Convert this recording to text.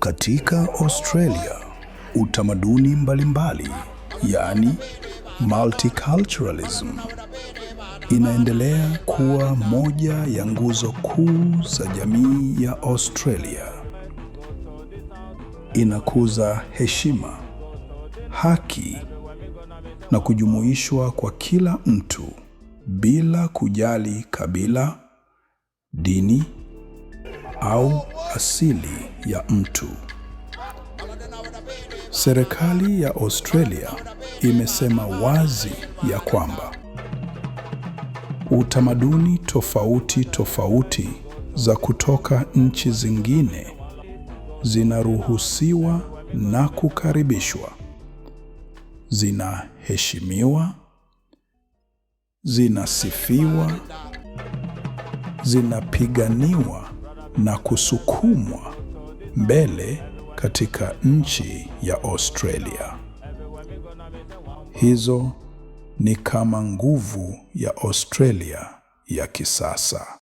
Katika Australia utamaduni mbalimbali mbali, yaani multiculturalism inaendelea kuwa moja ya nguzo kuu za jamii ya Australia. Inakuza heshima, haki na kujumuishwa kwa kila mtu bila kujali kabila, dini au asili ya mtu. Serikali ya Australia imesema wazi ya kwamba utamaduni tofauti tofauti za kutoka nchi zingine zinaruhusiwa na kukaribishwa, zinaheshimiwa, zinasifiwa, zinapiganiwa na kusukumwa mbele katika nchi ya Australia. Hizo ni kama nguvu ya Australia ya kisasa.